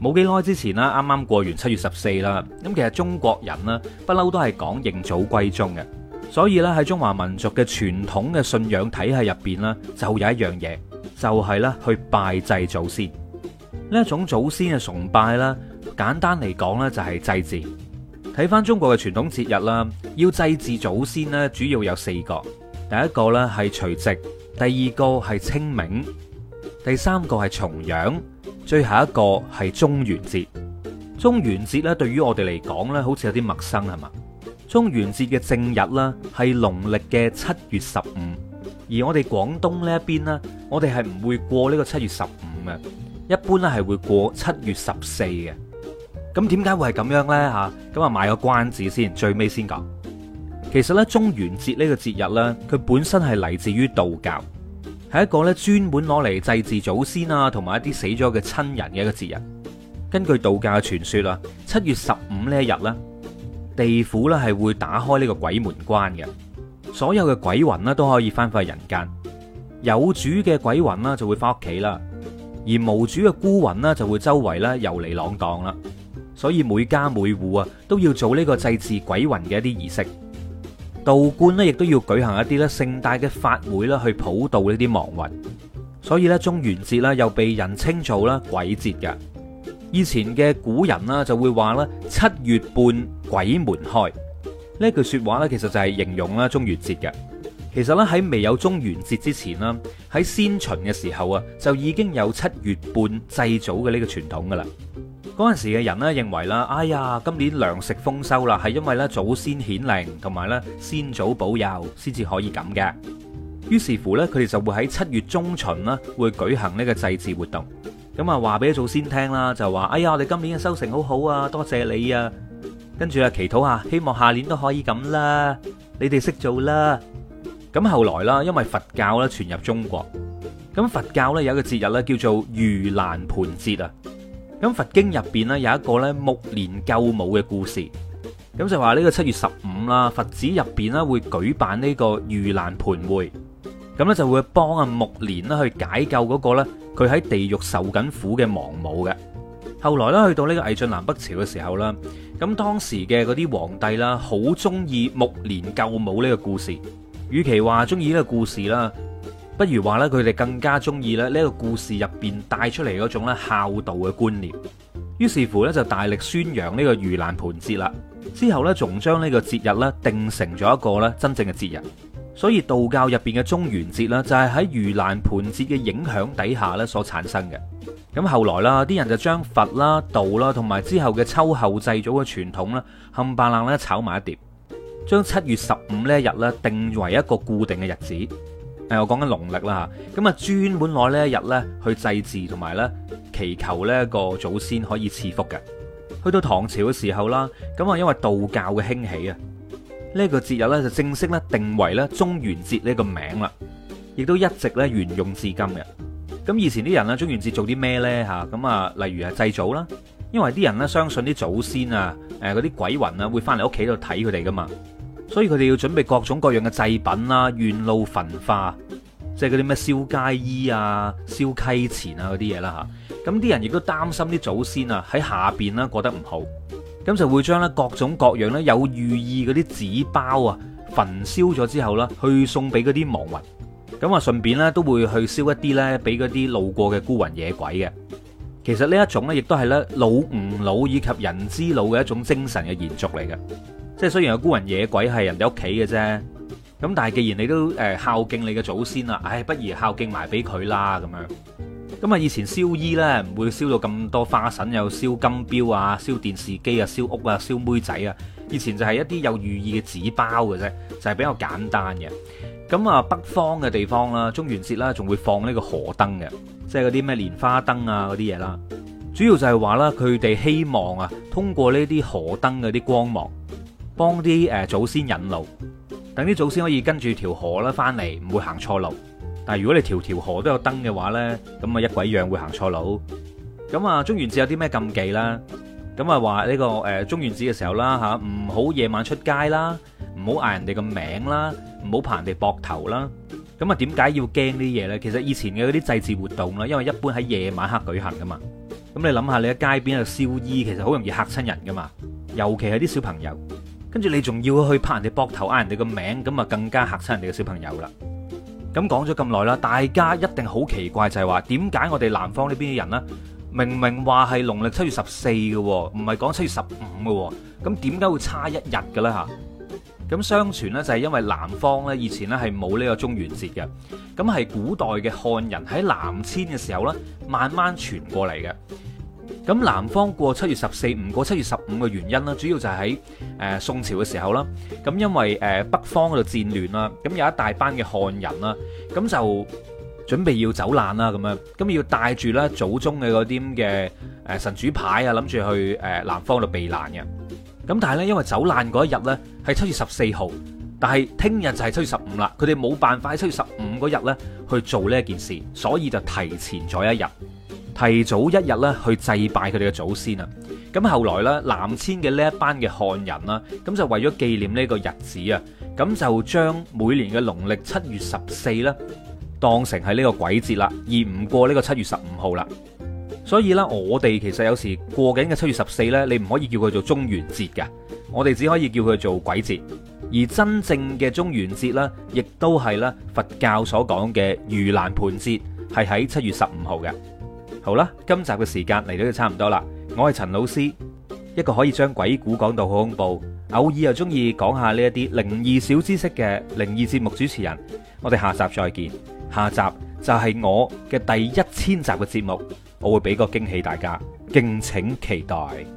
冇幾耐之前啦，啱啱過完七月十四啦。咁其實中國人呢，不嬲都係講認祖歸宗嘅，所以咧喺中華民族嘅傳統嘅信仰體系入邊呢，就有一樣嘢，就係咧去拜祭祖先。呢一種祖先嘅崇拜啦，簡單嚟講呢，就係祭祀。睇翻中國嘅傳統節日啦，要祭祀祖先呢，主要有四個。第一個呢，係除夕，第二個係清明，第三個係重陽。最後一個係中元節，中元節咧對於我哋嚟講咧，好似有啲陌生係嘛？中元節嘅正日咧係農曆嘅七月十五，而我哋廣東呢一邊咧，我哋係唔會過呢個七月十五嘅，一般咧係會過七月十四嘅。咁點解會係咁樣呢？吓，咁啊賣個關子先，最尾先講。其實咧，中元節呢個節日咧，佢本身係嚟自於道教。係一個咧專門攞嚟祭祀祖先啊，同埋一啲死咗嘅親人嘅一個節日。根據道教嘅傳說啦，七月十五呢一日咧，地府咧係會打開呢個鬼門關嘅，所有嘅鬼魂都可以翻返去人間。有主嘅鬼魂就會翻屋企啦，而無主嘅孤魂就會周圍咧遊離浪蕩啦，所以每家每戶啊都要做呢個祭祀鬼魂嘅一啲儀式。道觀咧，亦都要舉行一啲咧盛大嘅法會啦，去普渡呢啲亡魂。所以咧，中元節咧又被人稱做咧鬼節嘅。以前嘅古人啦，就會話咧七月半鬼門開呢句說話咧，其實就係形容啦中元節嘅。其實咧喺未有中元節之前啦，喺先秦嘅時候啊就已經有七月半祭祖嘅呢個傳統噶啦。嗰陣時嘅人咧認為啦，哎呀，今年糧食豐收啦，係因為咧祖先顯靈，同埋咧先祖保佑，先至可以咁嘅。於是乎咧，佢哋就會喺七月中旬啦，會舉行呢個祭祀活動。咁啊，話俾祖先聽啦，就話：哎呀，我哋今年嘅收成好好啊，多謝你啊！跟住啊，祈禱下，希望下年都可以咁啦。你哋識做啦。咁後來啦，因為佛教咧傳入中國，咁佛教咧有個節日咧叫做盂蘭盆節啊。咁佛經入邊咧有一個咧木蓮救母嘅故事，咁就話呢個七月十五啦，佛寺入邊啦會舉辦呢個盂蘭盆會，咁咧就會幫阿木蓮啦去解救嗰個咧佢喺地獄受緊苦嘅亡母嘅。後來咧去到呢個魏晉南北朝嘅時候啦，咁當時嘅嗰啲皇帝啦好中意木蓮救母呢個故事，與其話中意呢個故事啦。不如話咧，佢哋更加中意咧呢個故事入邊帶出嚟嗰種咧孝道嘅觀念。於是乎，呢就大力宣揚呢個盂蘭盆節啦。之後呢，仲將呢個節日呢定成咗一個咧真正嘅節日。所以道教入邊嘅中元節呢，就係喺盂蘭盆節嘅影響底下呢所產生嘅。咁後來啦，啲人就將佛啦、道啦，同埋之後嘅秋後祭祖嘅傳統呢，冚唪唥咧炒埋一碟，將七月十五呢一日呢定為一個固定嘅日子。誒，我講緊農曆啦吓，咁啊專門攞呢一日咧去祭祀同埋咧祈求呢個祖先可以賜福嘅。去到唐朝嘅時候啦，咁啊因為道教嘅興起啊，呢個節日咧就正式咧定為咧中元節呢個名啦，亦都一直咧沿用至今嘅。咁以前啲人呢，中元節做啲咩咧吓？咁啊，例如係祭祖啦，因為啲人咧相信啲祖先啊，誒嗰啲鬼魂啊會翻嚟屋企度睇佢哋噶嘛。所以佢哋要準備各種各樣嘅祭品啦、啊，沿路焚化，即係嗰啲咩燒街衣啊、燒溪錢啊嗰啲嘢啦吓。咁啲人亦都擔心啲祖先啊喺下邊啦過得唔好，咁就會將咧各種各樣咧有寓意嗰啲紙包啊焚燒咗之後啦，去送俾嗰啲亡魂。咁啊順便呢都會去燒一啲呢俾嗰啲路過嘅孤魂野鬼嘅。其實呢一種呢，亦都係呢老吾老以及人之老嘅一種精神嘅延續嚟嘅。即係雖然有孤魂野鬼係人哋屋企嘅啫，咁但係既然你都誒孝敬你嘅祖先啦，唉、哎，不如孝敬埋俾佢啦咁樣。咁啊，以前燒衣咧唔會燒到咁多花臣，有燒金錶啊，燒電視機啊，燒屋啊，燒妹仔啊。以前就係一啲有寓意嘅紙包嘅啫，就係、是、比較簡單嘅。咁啊，北方嘅地方啦，中元節啦，仲會放呢個河燈嘅，即係嗰啲咩蓮花燈啊嗰啲嘢啦。主要就係話啦，佢哋希望啊，通過呢啲河燈嗰啲光芒。幫啲誒祖先引路，等啲祖先可以跟住條河啦翻嚟，唔會行錯路。但係如果你條條河都有燈嘅話呢，咁啊一鬼樣會行錯路。咁啊，中元節有啲咩禁忌啦？咁啊，話呢、這個誒、呃、中元節嘅時候啦，嚇唔好夜晚出街啦，唔好嗌人哋個名啦，唔好拍人哋膊頭啦。咁啊，點解要驚啲嘢呢？其實以前嘅嗰啲祭祀活動啦，因為一般喺夜晚黑舉行噶嘛。咁你諗下，你喺街邊度燒衣，其實好容易嚇親人噶嘛，尤其係啲小朋友。跟住你仲要去拍人哋膊頭，嗌人哋個名，咁啊更加吓親人哋個小朋友啦。咁講咗咁耐啦，大家一定好奇怪，就係話，點解我哋南方呢邊啲人咧，明明話係農曆七月十四嘅，唔係講七月十五嘅，咁點解會差一日嘅咧？吓，咁相傳咧就係因為南方咧以前咧係冇呢個中元節嘅，咁係古代嘅漢人喺南遷嘅時候咧，慢慢傳過嚟嘅。咁南方過七月十四，唔過七月十五嘅原因啦，主要就喺宋朝嘅時候啦。咁因為北方嗰度戰亂啦，咁有一大班嘅漢人啦，咁就準備要走難啦，咁樣，咁要帶住咧祖宗嘅嗰啲嘅神主牌啊，諗住去南方度避難嘅。咁但係咧，因為走難嗰一日咧係七月十四號，但係聽日就係七月十五啦，佢哋冇辦法喺七月十五嗰日咧去做呢一件事，所以就提前咗一日。提早一日咧去祭拜佢哋嘅祖先啊！咁後來咧，南遷嘅呢一班嘅漢人啦，咁就為咗紀念呢一個日子啊，咁就將每年嘅農曆七月十四咧，當成係呢個鬼節啦，而唔過呢個七月十五號啦。所以咧，我哋其實有時過緊嘅七月十四咧，你唔可以叫佢做中元節㗎，我哋只可以叫佢做鬼節。而真正嘅中元節咧，亦都係咧佛教所講嘅盂蘭盆節，係喺七月十五號嘅。好啦，今集嘅時間嚟到就差唔多啦。我係陳老師，一個可以將鬼故講到好恐怖，偶爾又中意講下呢一啲靈異小知識嘅靈異節目主持人。我哋下集再見，下集就係我嘅第一千集嘅節目，我會俾個驚喜大家，敬請期待。